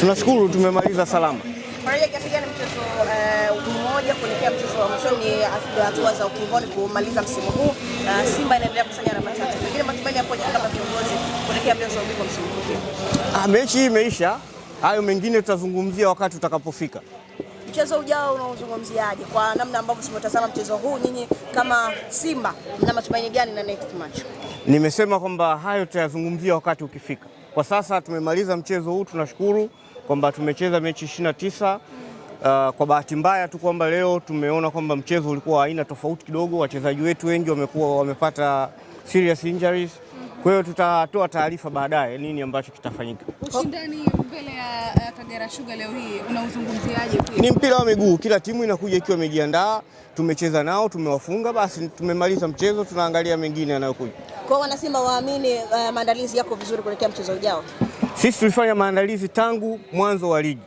Tunashukuru tumemaliza salama. Eh, eh, ah, mechi hii imeisha, hayo mengine tutazungumzia wakati utakapofika. Mchezo ujao unaozungumziaje kwa namna ambavyo tumetazama mchezo huu, nyinyi kama Simba mna matumaini gani na next match? Nimesema kwamba hayo tutayazungumzia wakati ukifika. Kwa sasa tumemaliza mchezo huu, tunashukuru kwamba tumecheza mechi 29. Uh, kwa bahati mbaya tu kwamba leo tumeona kwamba mchezo ulikuwa aina tofauti kidogo, wachezaji wetu wengi wamekuwa wamepata serious injuries kwa hiyo tutatoa taarifa baadaye nini ambacho kitafanyika. Ushindani mbele ya uh, Kagera Sugar leo hii unauzungumziaje? Ni mpira wa miguu, kila timu inakuja ikiwa imejiandaa. Tumecheza nao, tumewafunga, basi tumemaliza mchezo, tunaangalia mengine yanayokuja. Kwa wanasema waamini, uh, maandalizi yako vizuri kuelekea mchezo ujao. Sisi tulifanya maandalizi tangu mwanzo wa ligi,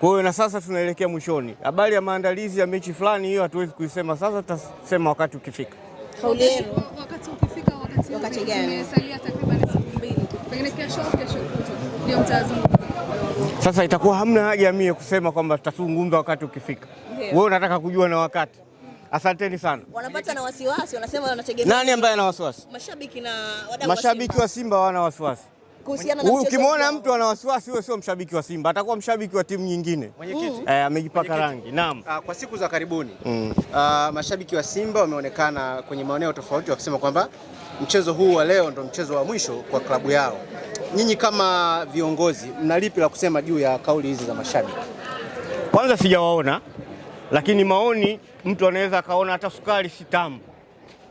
kwa hiyo na sasa tunaelekea mwishoni. Habari ya maandalizi ya mechi fulani, hiyo hatuwezi kuisema sasa, tutasema wakati ukifika. Kauli yenu wakati gani? Sasa itakuwa hamna haja mie kusema kwamba tutazungumza wakati ukifika. Wewe unataka kujua na wakati. Asanteni sana. Wanapata na wasiwasi, wanasema wanategemea. Nani ambaye ana wasiwasi? Mashabiki na wadau. Mashabiki wa Simba wana wasiwasi. ukimwona mtu ana wasiwasi, huyo sio mshabiki wa Simba, atakuwa mshabiki wa timu nyingine. Eh, amejipaka rangi. Naam. Ah, kwa siku za karibuni mm, uh, mashabiki wa Simba wameonekana kwenye maeneo tofauti wakisema kwamba mchezo huu wa leo ndo mchezo wa mwisho kwa klabu yao. Nyinyi kama viongozi, mna lipi la kusema juu ya kauli hizi za mashabiki? Kwanza sijawaona, lakini maoni, mtu anaweza akaona hata sukari si tamu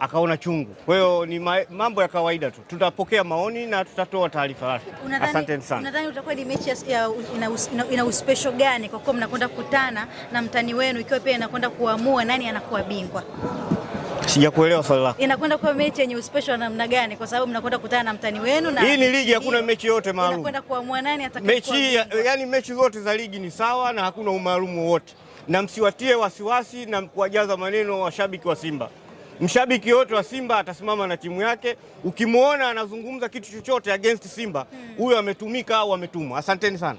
akaona chungu. Kwa hiyo ni ma mambo ya kawaida tu, tutapokea maoni na tutatoa taarifa rasmi. Asante sana. Unadhani utakuwa ni mechi ina uspesho gani, kwa kuwa mnakwenda kukutana na mtani wenu, ikiwa pia inakwenda kuamua nani anakuwa bingwa? Sijakuelewa swali lako. Inakwenda kuwa mechi yenye uspesho namna gani? Kwa sababu mnakwenda kukutana na mtani wenu na hii ni ligi, hakuna mechi yote maalum. Inakwenda kuamua nani ya, yani, mechi zote za ligi ni sawa na hakuna umaalumu wowote, na msiwatie wasiwasi na kuwajaza maneno washabiki wa Simba. Mshabiki yoyote wa Simba atasimama na timu yake. Ukimwona anazungumza kitu chochote against Simba, hmm. huyo hmm, ametumika au ametumwa. Asanteni sana.